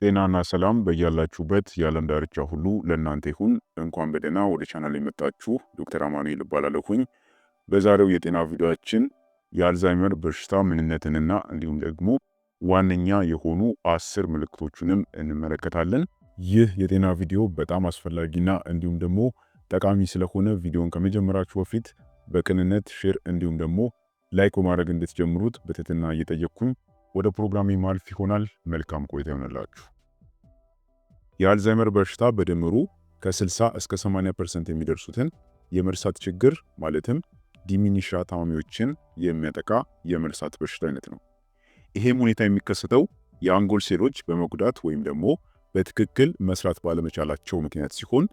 ጤናና ሰላም በያላችሁበት የዓለም ዳርቻ ሁሉ ለእናንተ ይሁን። እንኳን በደህና ወደ ቻናል የመጣችሁ ዶክተር አማኑኤል እባላለሁኝ። በዛሬው የጤና ቪዲዮችን የአልዛይመር በሽታ ምንነትንና እንዲሁም ደግሞ ዋነኛ የሆኑ አስር ምልክቶቹንም እንመለከታለን። ይህ የጤና ቪዲዮ በጣም አስፈላጊና እንዲሁም ደግሞ ጠቃሚ ስለሆነ ቪዲዮን ከመጀመራችሁ በፊት በቅንነት ሼር እንዲሁም ደግሞ ላይክ በማድረግ እንድትጀምሩት በትህትና እየጠየቅኩኝ ወደ ፕሮግራም ማልፍ ይሆናል። መልካም ቆይታ ይሆንላችሁ። የአልዛይመር በሽታ በድምሩ ከ60 እስከ 80% የሚደርሱትን የመርሳት ችግር ማለትም ዲሚኒሻ ታማሚዎችን የሚያጠቃ የመርሳት በሽታ አይነት ነው። ይሄም ሁኔታ የሚከሰተው የአንጎል ሴሎች በመጉዳት ወይም ደግሞ በትክክል መስራት ባለመቻላቸው ምክንያት ሲሆን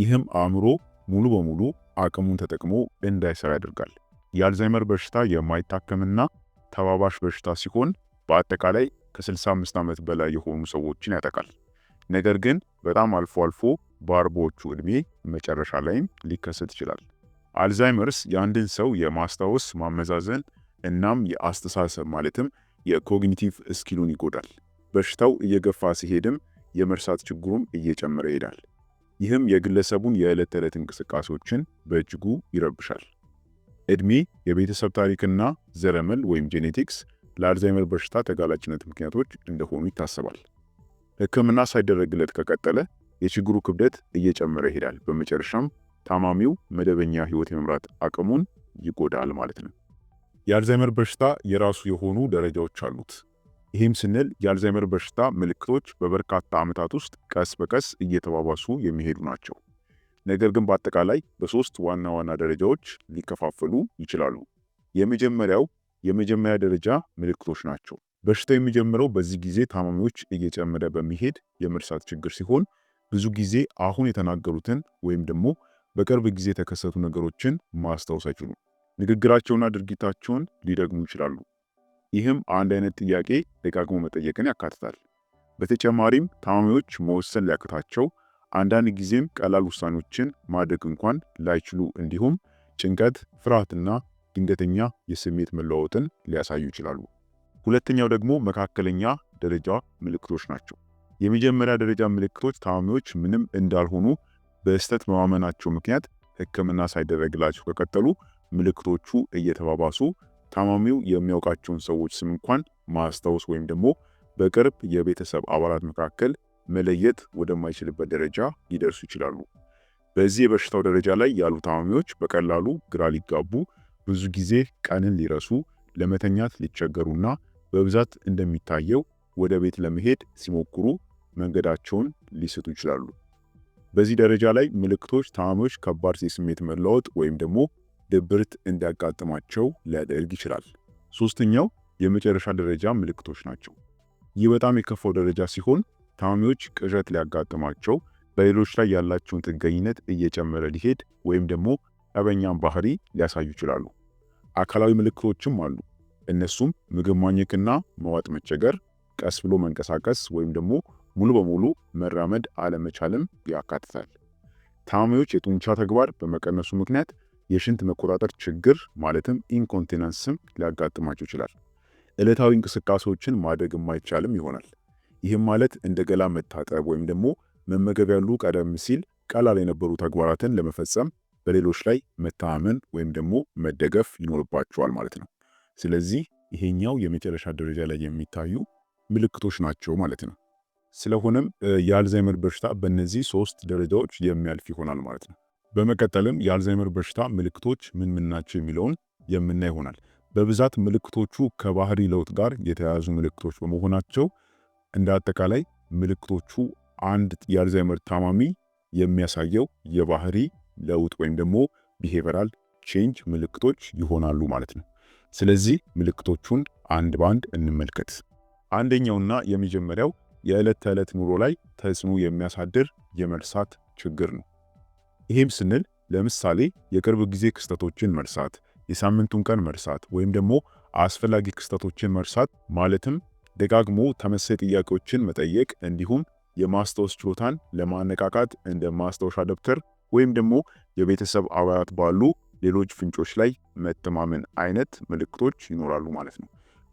ይህም አእምሮ ሙሉ በሙሉ አቅሙን ተጠቅሞ እንዳይሰራ ያደርጋል። የአልዛይመር በሽታ የማይታከምና ተባባሽ በሽታ ሲሆን በአጠቃላይ ከ65 ዓመት በላይ የሆኑ ሰዎችን ያጠቃል። ነገር ግን በጣም አልፎ አልፎ በአርባዎቹ ዕድሜ መጨረሻ ላይም ሊከሰት ይችላል። አልዛይመርስ የአንድን ሰው የማስታወስ ማመዛዘን፣ እናም የአስተሳሰብ ማለትም የኮግኒቲቭ እስኪሉን ይጎዳል። በሽታው እየገፋ ሲሄድም የመርሳት ችግሩም እየጨመረ ይሄዳል። ይህም የግለሰቡን የዕለት ተዕለት እንቅስቃሴዎችን በእጅጉ ይረብሻል። ዕድሜ፣ የቤተሰብ ታሪክና ዘረመል ወይም ጄኔቲክስ ለአልዛይመር በሽታ ተጋላጭነት ምክንያቶች እንደሆኑ ይታሰባል። ሕክምና ሳይደረግለት ከቀጠለ የችግሩ ክብደት እየጨመረ ይሄዳል። በመጨረሻም ታማሚው መደበኛ ህይወት የመምራት አቅሙን ይጎዳል ማለት ነው። የአልዛይመር በሽታ የራሱ የሆኑ ደረጃዎች አሉት። ይህም ስንል የአልዛይመር በሽታ ምልክቶች በበርካታ ዓመታት ውስጥ ቀስ በቀስ እየተባባሱ የሚሄዱ ናቸው። ነገር ግን በአጠቃላይ በሶስት ዋና ዋና ደረጃዎች ሊከፋፈሉ ይችላሉ። የመጀመሪያው የመጀመሪያ ደረጃ ምልክቶች ናቸው። በሽታ የሚጀምረው በዚህ ጊዜ ታማሚዎች እየጨመረ በሚሄድ የመርሳት ችግር ሲሆን ብዙ ጊዜ አሁን የተናገሩትን ወይም ደግሞ በቅርብ ጊዜ የተከሰቱ ነገሮችን ማስታወስ አይችሉም። ንግግራቸውና ድርጊታቸውን ሊደግሙ ይችላሉ። ይህም አንድ አይነት ጥያቄ ደጋግሞ መጠየቅን ያካትታል። በተጨማሪም ታማሚዎች መወሰን ሊያቅታቸው፣ አንዳንድ ጊዜም ቀላል ውሳኔዎችን ማድረግ እንኳን ላይችሉ እንዲሁም ጭንቀት፣ ፍርሃትና ድንገተኛ የስሜት መለዋወጥን ሊያሳዩ ይችላሉ። ሁለተኛው ደግሞ መካከለኛ ደረጃ ምልክቶች ናቸው። የመጀመሪያ ደረጃ ምልክቶች ታማሚዎች ምንም እንዳልሆኑ በስተት በማመናቸው ምክንያት ሕክምና ሳይደረግላቸው ከቀጠሉ ምልክቶቹ እየተባባሱ ታማሚው የሚያውቃቸውን ሰዎች ስም እንኳን ማስታወስ ወይም ደግሞ በቅርብ የቤተሰብ አባላት መካከል መለየት ወደማይችልበት ደረጃ ሊደርሱ ይችላሉ። በዚህ የበሽታው ደረጃ ላይ ያሉ ታማሚዎች በቀላሉ ግራ ሊጋቡ ብዙ ጊዜ ቀንን ሊረሱ ለመተኛት ሊቸገሩና በብዛት እንደሚታየው ወደ ቤት ለመሄድ ሲሞክሩ መንገዳቸውን ሊስቱ ይችላሉ። በዚህ ደረጃ ላይ ምልክቶች ታማሚዎች ከባድ የስሜት መለወጥ ወይም ደግሞ ድብርት እንዲያጋጥማቸው ሊያደርግ ይችላል። ሶስተኛው የመጨረሻ ደረጃ ምልክቶች ናቸው። ይህ በጣም የከፋው ደረጃ ሲሆን ታማሚዎች ቅዠት ሊያጋጥማቸው፣ በሌሎች ላይ ያላቸውን ጥገኝነት እየጨመረ ሊሄድ ወይም ደግሞ ጠበኛም ባህሪ ሊያሳዩ ይችላሉ። አካላዊ ምልክቶችም አሉ። እነሱም ምግብ ማኘክና መዋጥ መቸገር፣ ቀስ ብሎ መንቀሳቀስ ወይም ደግሞ ሙሉ በሙሉ መራመድ አለመቻልም ያካትታል። ታማሚዎች የጡንቻ ተግባር በመቀነሱ ምክንያት የሽንት መቆጣጠር ችግር ማለትም ኢንኮንቲነንስም ሊያጋጥማቸው ይችላል። ዕለታዊ እንቅስቃሴዎችን ማድረግ የማይቻልም ይሆናል። ይህም ማለት እንደ ገላ መታጠብ ወይም ደግሞ መመገብ ያሉ ቀደም ሲል ቀላል የነበሩ ተግባራትን ለመፈጸም በሌሎች ላይ መተማመን ወይም ደግሞ መደገፍ ይኖርባቸዋል ማለት ነው። ስለዚህ ይሄኛው የመጨረሻ ደረጃ ላይ የሚታዩ ምልክቶች ናቸው ማለት ነው። ስለሆነም የአልዛይመር በሽታ በእነዚህ ሶስት ደረጃዎች የሚያልፍ ይሆናል ማለት ነው። በመቀጠልም የአልዛይመር በሽታ ምልክቶች ምን ምን ናቸው የሚለውን የምናይ ይሆናል። በብዛት ምልክቶቹ ከባህሪ ለውጥ ጋር የተያያዙ ምልክቶች በመሆናቸው እንደ አጠቃላይ ምልክቶቹ አንድ የአልዛይመር ታማሚ የሚያሳየው የባህሪ ለውጥ ወይም ደግሞ ቢሄቨራል ቼንጅ ምልክቶች ይሆናሉ ማለት ነው። ስለዚህ ምልክቶቹን አንድ በአንድ እንመልከት። አንደኛውና የመጀመሪያው የዕለት ተዕለት ኑሮ ላይ ተጽዕኖ የሚያሳድር የመርሳት ችግር ነው። ይህም ስንል ለምሳሌ የቅርብ ጊዜ ክስተቶችን መርሳት፣ የሳምንቱን ቀን መርሳት ወይም ደግሞ አስፈላጊ ክስተቶችን መርሳት ማለትም ደጋግሞ ተመሳሳይ ጥያቄዎችን መጠየቅ እንዲሁም የማስታወስ ችሎታን ለማነቃቃት እንደ ማስታወሻ ደብተር ወይም ደግሞ የቤተሰብ አባላት ባሉ ሌሎች ፍንጮች ላይ መተማመን አይነት ምልክቶች ይኖራሉ ማለት ነው።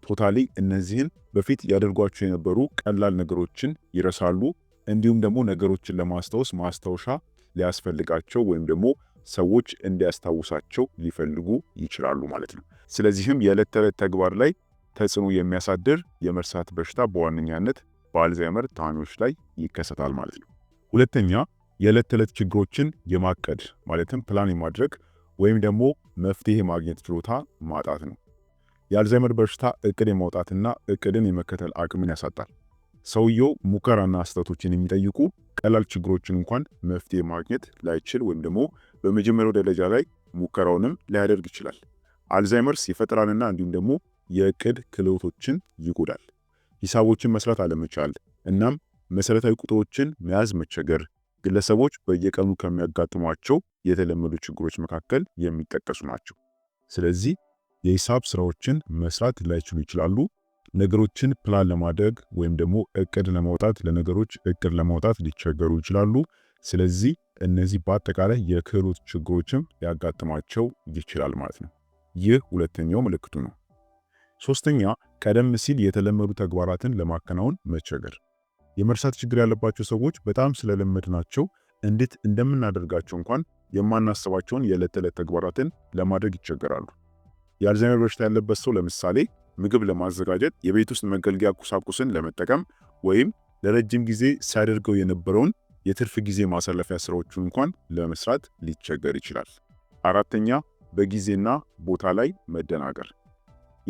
ቶታሊ እነዚህን በፊት ያደርጓቸው የነበሩ ቀላል ነገሮችን ይረሳሉ። እንዲሁም ደግሞ ነገሮችን ለማስታወስ ማስታወሻ ሊያስፈልጋቸው ወይም ደግሞ ሰዎች እንዲያስታውሳቸው ሊፈልጉ ይችላሉ ማለት ነው። ስለዚህም የዕለት ተዕለት ተግባር ላይ ተጽዕኖ የሚያሳድር የመርሳት በሽታ በዋነኛነት በአልዛይመር ታማሚዎች ላይ ይከሰታል ማለት ነው። ሁለተኛ የዕለት ተዕለት ችግሮችን የማቀድ ማለትም ፕላን የማድረግ ወይም ደግሞ መፍትሄ ማግኘት ችሎታ ማጣት ነው። የአልዛይመር በሽታ እቅድ የማውጣትና እቅድን የመከተል አቅምን ያሳጣል። ሰውየው ሙከራና ስህተቶችን የሚጠይቁ ቀላል ችግሮችን እንኳን መፍትሄ ማግኘት ላይችል ወይም ደግሞ በመጀመሪያው ደረጃ ላይ ሙከራውንም ላያደርግ ይችላል። አልዛይመርስ የፈጠራንና እንዲሁም ደግሞ የእቅድ ክህሎቶችን ይጎዳል። ሂሳቦችን መስራት አለመቻል እናም መሰረታዊ ቁጥሮችን መያዝ መቸገር ግለሰቦች በየቀኑ ከሚያጋጥሟቸው የተለመዱ ችግሮች መካከል የሚጠቀሱ ናቸው። ስለዚህ የሂሳብ ስራዎችን መስራት ላይችሉ ይችላሉ። ነገሮችን ፕላን ለማድረግ ወይም ደግሞ እቅድ ለማውጣት ለነገሮች እቅድ ለማውጣት ሊቸገሩ ይችላሉ። ስለዚህ እነዚህ በአጠቃላይ የክህሎት ችግሮችም ሊያጋጥማቸው ይችላል ማለት ነው። ይህ ሁለተኛው ምልክቱ ነው። ሶስተኛ፣ ቀደም ሲል የተለመዱ ተግባራትን ለማከናወን መቸገር የመርሳት ችግር ያለባቸው ሰዎች በጣም ስለለመድ ናቸው እንዴት እንደምናደርጋቸው እንኳን የማናስባቸውን የዕለት ተዕለት ተግባራትን ለማድረግ ይቸገራሉ። የአልዛይመር በሽታ ያለበት ሰው ለምሳሌ ምግብ ለማዘጋጀት፣ የቤት ውስጥ መገልገያ ቁሳቁስን ለመጠቀም ወይም ለረጅም ጊዜ ሲያደርገው የነበረውን የትርፍ ጊዜ ማሳለፊያ ስራዎቹን እንኳን ለመስራት ሊቸገር ይችላል። አራተኛ በጊዜና ቦታ ላይ መደናገር።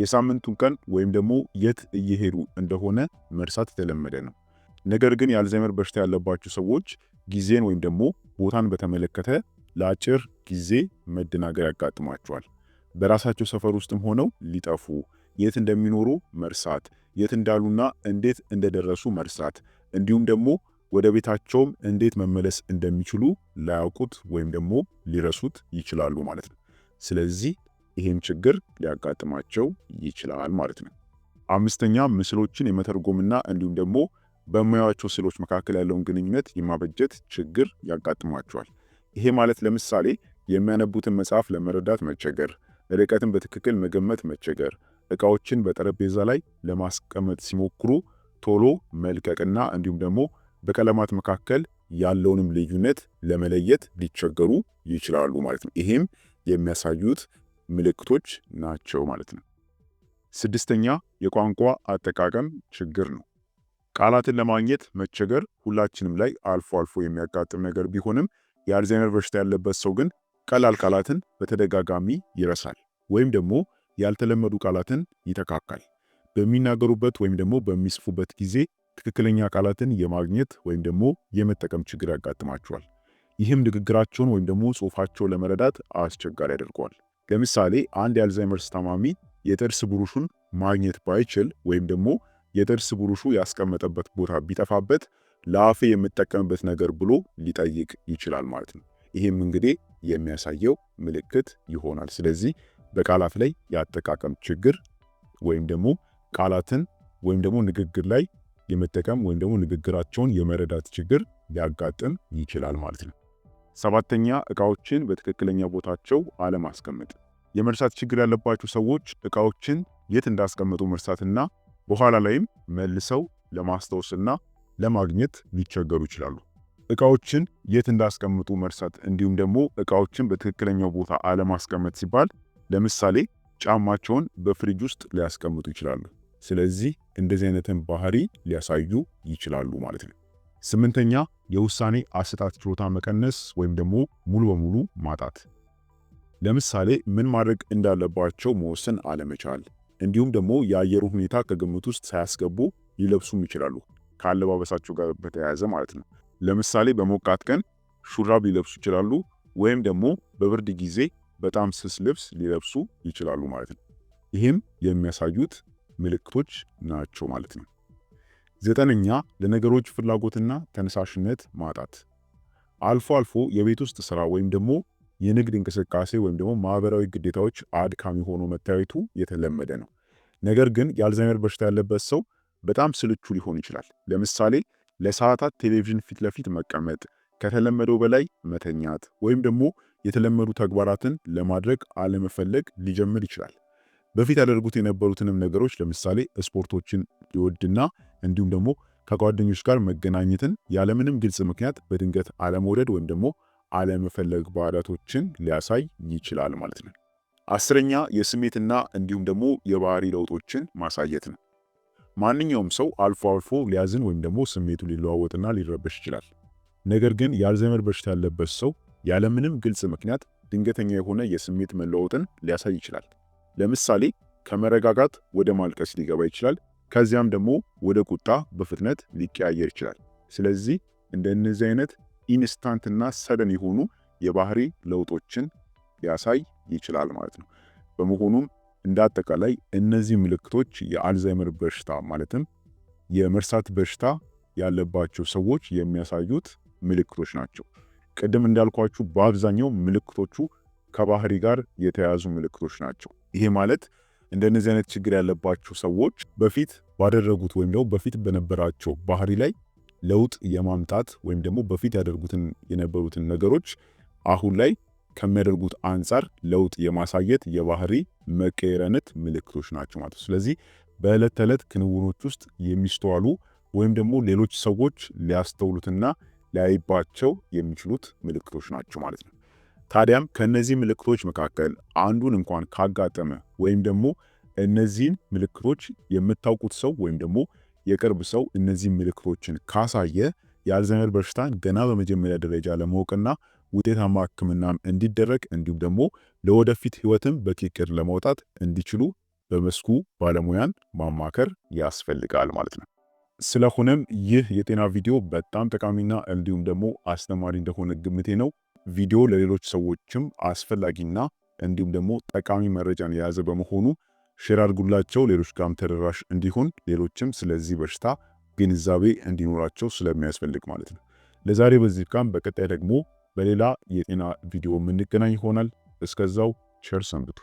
የሳምንቱን ቀን ወይም ደግሞ የት እየሄዱ እንደሆነ መርሳት የተለመደ ነው። ነገር ግን የአልዛይመር በሽታ ያለባቸው ሰዎች ጊዜን ወይም ደግሞ ቦታን በተመለከተ ለአጭር ጊዜ መደናገር ያጋጥማቸዋል። በራሳቸው ሰፈር ውስጥም ሆነው ሊጠፉ፣ የት እንደሚኖሩ መርሳት፣ የት እንዳሉና እንዴት እንደደረሱ መርሳት፣ እንዲሁም ደግሞ ወደ ቤታቸውም እንዴት መመለስ እንደሚችሉ ላያውቁት ወይም ደግሞ ሊረሱት ይችላሉ ማለት ነው። ስለዚህ ይህም ችግር ሊያጋጥማቸው ይችላል ማለት ነው። አምስተኛ ምስሎችን የመተርጎምና እንዲሁም ደግሞ በሙያቸው ስዕሎች መካከል ያለውን ግንኙነት የማበጀት ችግር ያጋጥማቸዋል። ይሄ ማለት ለምሳሌ የሚያነቡትን መጽሐፍ ለመረዳት መቸገር፣ ርቀትን በትክክል መገመት መቸገር፣ እቃዎችን በጠረጴዛ ላይ ለማስቀመጥ ሲሞክሩ ቶሎ መልቀቅና እንዲሁም ደግሞ በቀለማት መካከል ያለውንም ልዩነት ለመለየት ሊቸገሩ ይችላሉ ማለት ነው። ይሄም የሚያሳዩት ምልክቶች ናቸው ማለት ነው። ስድስተኛ የቋንቋ አጠቃቀም ችግር ነው። ቃላትን ለማግኘት መቸገር ሁላችንም ላይ አልፎ አልፎ የሚያጋጥም ነገር ቢሆንም የአልዛይመር በሽታ ያለበት ሰው ግን ቀላል ቃላትን በተደጋጋሚ ይረሳል ወይም ደግሞ ያልተለመዱ ቃላትን ይተካካል። በሚናገሩበት ወይም ደግሞ በሚጽፉበት ጊዜ ትክክለኛ ቃላትን የማግኘት ወይም ደግሞ የመጠቀም ችግር ያጋጥማቸዋል። ይህም ንግግራቸውን ወይም ደግሞ ጽሑፋቸውን ለመረዳት አስቸጋሪ ያደርገዋል። ለምሳሌ አንድ የአልዛይመርስ ታማሚ የጥርስ ብሩሹን ማግኘት ባይችል ወይም ደግሞ የጥርስ ብሩሹ ያስቀመጠበት ቦታ ቢጠፋበት ለአፌ የምጠቀምበት ነገር ብሎ ሊጠይቅ ይችላል ማለት ነው። ይህም እንግዲህ የሚያሳየው ምልክት ይሆናል። ስለዚህ በቃላት ላይ የአጠቃቀም ችግር ወይም ደግሞ ቃላትን ወይም ደግሞ ንግግር ላይ የመጠቀም ወይም ደግሞ ንግግራቸውን የመረዳት ችግር ሊያጋጥም ይችላል ማለት ነው። ሰባተኛ እቃዎችን በትክክለኛ ቦታቸው አለማስቀመጥ። የመርሳት ችግር ያለባቸው ሰዎች እቃዎችን የት እንዳስቀመጡ መርሳትና በኋላ ላይም መልሰው ለማስታወስና ለማግኘት ሊቸገሩ ይችላሉ። እቃዎችን የት እንዳስቀምጡ መርሳት እንዲሁም ደግሞ እቃዎችን በትክክለኛው ቦታ አለማስቀመጥ ሲባል ለምሳሌ ጫማቸውን በፍሪጅ ውስጥ ሊያስቀምጡ ይችላሉ። ስለዚህ እንደዚህ አይነትን ባህሪ ሊያሳዩ ይችላሉ ማለት ነው። ስምንተኛ የውሳኔ አሰጣጥ ችሎታ መቀነስ ወይም ደግሞ ሙሉ በሙሉ ማጣት። ለምሳሌ ምን ማድረግ እንዳለባቸው መወሰን አለመቻል፣ እንዲሁም ደግሞ የአየሩ ሁኔታ ከግምት ውስጥ ሳያስገቡ ሊለብሱም ይችላሉ፣ ከአለባበሳቸው ጋር በተያያዘ ማለት ነው። ለምሳሌ በሞቃት ቀን ሹራብ ሊለብሱ ይችላሉ፣ ወይም ደግሞ በብርድ ጊዜ በጣም ስስ ልብስ ሊለብሱ ይችላሉ ማለት ነው። ይህም የሚያሳዩት ምልክቶች ናቸው ማለት ነው። ዘጠነኛ ለነገሮች ፍላጎትና ተነሳሽነት ማጣት። አልፎ አልፎ የቤት ውስጥ ስራ ወይም ደግሞ የንግድ እንቅስቃሴ ወይም ደግሞ ማህበራዊ ግዴታዎች አድካሚ ሆኖ መታየቱ የተለመደ ነው። ነገር ግን የአልዛይመር በሽታ ያለበት ሰው በጣም ስልቹ ሊሆን ይችላል። ለምሳሌ ለሰዓታት ቴሌቪዥን ፊት ለፊት መቀመጥ፣ ከተለመደው በላይ መተኛት ወይም ደግሞ የተለመዱ ተግባራትን ለማድረግ አለመፈለግ ሊጀምር ይችላል። በፊት ያደርጉት የነበሩትንም ነገሮች ለምሳሌ ስፖርቶችን ሊወድና እንዲሁም ደግሞ ከጓደኞች ጋር መገናኘትን ያለምንም ግልጽ ምክንያት በድንገት አለመውደድ ወይም ደግሞ አለመፈለግ ባህሪያቶችን ሊያሳይ ይችላል ማለት ነው። አስረኛ የስሜትና እንዲሁም ደግሞ የባህሪ ለውጦችን ማሳየት ነው። ማንኛውም ሰው አልፎ አልፎ ሊያዝን ወይም ደግሞ ስሜቱ ሊለዋወጥና ሊረበሽ ይችላል። ነገር ግን የአልዛይመር በሽታ ያለበት ሰው ያለምንም ግልጽ ምክንያት ድንገተኛ የሆነ የስሜት መለዋወጥን ሊያሳይ ይችላል። ለምሳሌ ከመረጋጋት ወደ ማልቀስ ሊገባ ይችላል። ከዚያም ደግሞ ወደ ቁጣ በፍጥነት ሊቀያየር ይችላል። ስለዚህ እንደነዚህ አይነት ኢንስታንትና ሰደን የሆኑ የባህሪ ለውጦችን ሊያሳይ ይችላል ማለት ነው። በመሆኑም እንደ አጠቃላይ እነዚህ ምልክቶች የአልዛይመር በሽታ ማለትም የመርሳት በሽታ ያለባቸው ሰዎች የሚያሳዩት ምልክቶች ናቸው። ቅድም እንዳልኳችሁ በአብዛኛው ምልክቶቹ ከባህሪ ጋር የተያያዙ ምልክቶች ናቸው። ይሄ ማለት እንደነዚህ አይነት ችግር ያለባቸው ሰዎች በፊት ባደረጉት ወይም ደግሞ በፊት በነበራቸው ባህሪ ላይ ለውጥ የማምጣት ወይም ደግሞ በፊት ያደርጉትን የነበሩትን ነገሮች አሁን ላይ ከሚያደርጉት አንጻር ለውጥ የማሳየት የባህሪ መቀየር አይነት ምልክቶች ናቸው ማለት ነው። ስለዚህ በዕለት ተዕለት ክንውኖች ውስጥ የሚስተዋሉ ወይም ደግሞ ሌሎች ሰዎች ሊያስተውሉትና ሊያይባቸው የሚችሉት ምልክቶች ናቸው ማለት ነው። ታዲያም ከእነዚህ ምልክቶች መካከል አንዱን እንኳን ካጋጠመ ወይም ደግሞ እነዚህን ምልክቶች የምታውቁት ሰው ወይም ደግሞ የቅርብ ሰው እነዚህ ምልክቶችን ካሳየ የአልዛይመር በሽታን ገና በመጀመሪያ ደረጃ ለማወቅና ውጤታማ ሕክምናም እንዲደረግ እንዲሁም ደግሞ ለወደፊት ህይወትም በቂ እቅድ ለማውጣት እንዲችሉ በመስኩ ባለሙያን ማማከር ያስፈልጋል ማለት ነው። ስለሆነም ይህ የጤና ቪዲዮ በጣም ጠቃሚና እንዲሁም ደግሞ አስተማሪ እንደሆነ ግምቴ ነው። ቪዲዮ ለሌሎች ሰዎችም አስፈላጊና እንዲሁም ደግሞ ጠቃሚ መረጃን የያዘ በመሆኑ ሼር አድርጉላቸው፣ ሌሎች ጋም ተደራሽ እንዲሆን ሌሎችም ስለዚህ በሽታ ግንዛቤ እንዲኖራቸው ስለሚያስፈልግ ማለት ነው። ለዛሬ በዚህ ቃም፣ በቀጣይ ደግሞ በሌላ የጤና ቪዲዮ የምንገናኝ ይሆናል። እስከዛው ቸር ሰንብቱ።